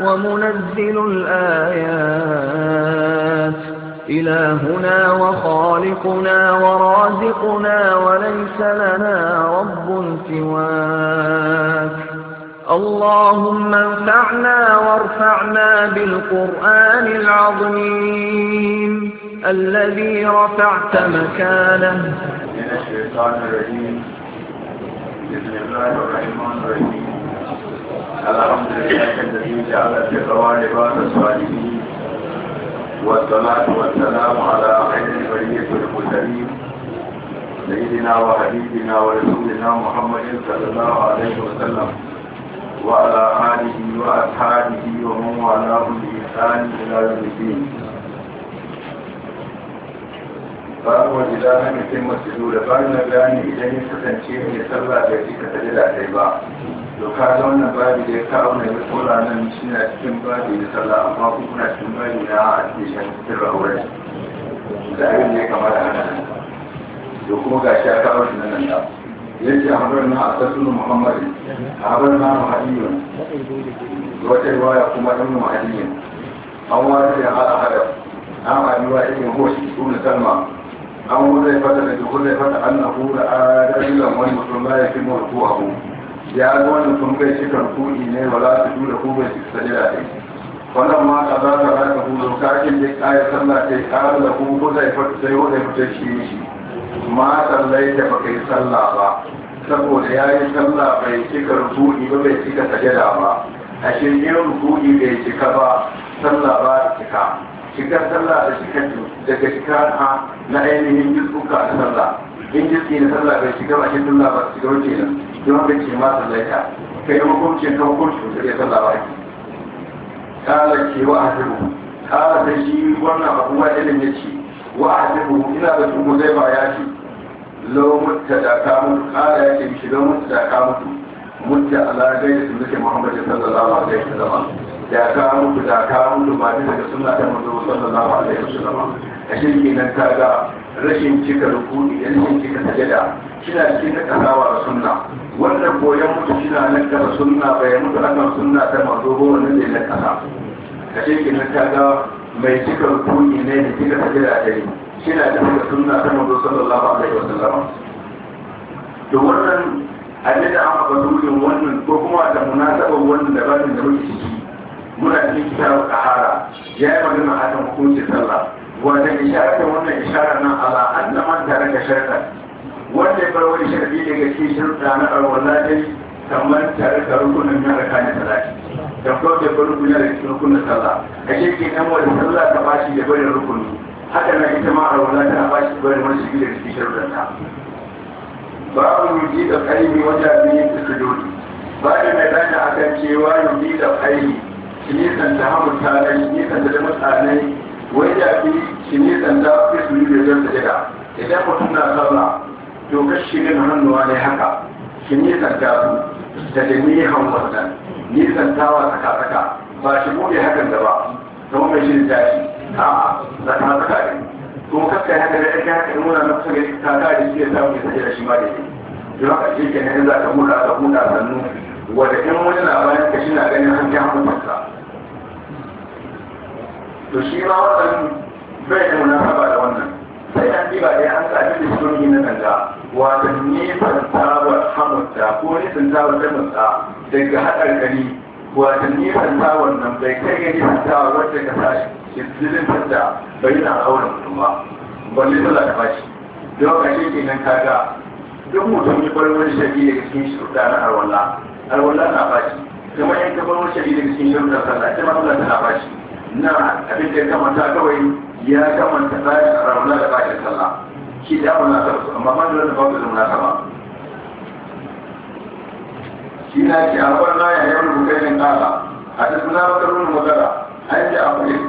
ومنزل الآيات إلهنا وخالقنا ورازقنا وليس لنا رب سواك اللهم انفعنا وارفعنا بالقرآن العظيم الذي رفعت مكانه من الشيطان الرجيم بسم الله الرحمن الرحيم الحمد لله الذي جعل الذكرى لباس الصالحين والصلاة والسلام على خير البرية المرسلين سيدنا وحبيبنا ورسولنا محمد صلى الله عليه وسلم وعلى آله وأصحابه ومن والاه بإحسان إلى يوم الدين babu wanda za a mutum masu lura bayan na gani idan ya kasance mai sallah da shi ka tafi da kai ba doka da wannan babi da ya kawo na ya kora nan suna cikin babi da sallah amma ku kuna cikin babi na a cikin shan cikin da abin da ya kama da hannun da kuma ga shi a kawo shi nan nan ya ce a habar na a sassunan muhammadu a habar na muhadiyyun wata waya kuma ɗan muhadiyyun an wani da hada hada an rayuwa irin hoshi tuna salma an wurin fata da duk zai fata annahu da a rajulan wani musulma ya fi kuwa. ya zo wani kun bai shi kan kuɗi ne ba za su dura ko bai shi da ne wannan ma ka za ka raka hudu kakin da kayan sallah ta yi da kuma ko zai fata sai wani fita shi shi ma sallai da baka yi sallah ba saboda ya yi sallah bai cika rubuɗi ba bai cika da ba a shirye rubuɗi bai cika ba sallah ba da cika cikar sallah da cika daga cika na ainihin jizuka a sallah in jiski na sallah bai cika ba shi sallah ba cika wuce nan don ka ce ma sallaita ka yi hukuncin ka hukuncin da ya sallawa ki kala ke wa hadiru kala da shi wannan abuwa ilin ya ce wa hadiru ina da tumu zai ba ya ce lau mutta da ka mutu kala ya ce shi lau mutta da ka mutu mutta ala gai da sunnati muhammadin sallallahu alaihi wasallam da ka mutu da ka mutu ba ne daga sunna ta manzo sallallahu alaihi wasallam a shirki nan ga rashin cika rukuni rashin cika sajada shida ke na da sunna wannan koyon mutu shida na da sunna bai mutu akan sunna ta mazo ba wannan ne na kasa ka ce ke na ga mai cikar kuni ne da kika tafi da dare shida ta daga sunna ta mazo sallallahu alaihi wasallam to wannan annabi amma ba fasurin wannan ko kuma da munasabar wannan da batin da muke ciki muna cikin kitabu kahara ya yi magana a kan hukuncin sallah wanda isharar wannan isharar nan ala annama tare da sharta wanda ya bar wani sharadi daga cikin shirka na alwala dai kamar tare da rukunin na rakanin salati da kuma da bar rukuni da cikin rukunin sallah a shekin nan wani sallah ta bashi da bari rukuni haka na ita ma alwala ta bashi da bari wani shirki da cikin shirkan ta babu yuji da kaimi wajen biyu ta sujudi ba da mai dana akan cewa yuji da kaimi shi nisan da ta nai shi nisan da mutane wai da fi shi nisan da fi su yi da zai sajada idan mutum na sallah to kashi din hannuwa ne haka ki nisanta su da jami'an wannan nisantawa tsaka-tsaka ba shi bude hakan da ba don mai shi da shi a tsaka-tsaka ne kuma kasa ya haka da ake haka in wuna na kusa ga ta ta da shi ya samu ya sake da shi ma da shi don haka shi ke nan za ka huda ka huda sannu wanda in wani na bayan ka shi na ganin hankin hankulansa to shi ma wannan bai da munasaba da wannan sai an diba dai an sa abin da shi na kanta wato nisan tawar hamurta ko nisan tawar damarta daga haɗar gani wato nisan tawar nan bai kai ga nisan tawar wadda ka sa shi zirin fadda bai na auren mutum ba balle sallah ta bashi don ka shi ke nan kaga duk mutum ya bar wani shari'i daga cikin shirka na arwallah arwallah na bashi kuma yan ka bar wani shari'i daga cikin shirka sallah ita ma sallah tana bashi na abin da ya kamata kawai ya kamata bayan arwallah da bashin sallah shi da munasabar su amma ma da wannan babu da munasaba shi na ce a rabar na yayin rubutainin kala a duk na bakar wani magana an ji a kuɗi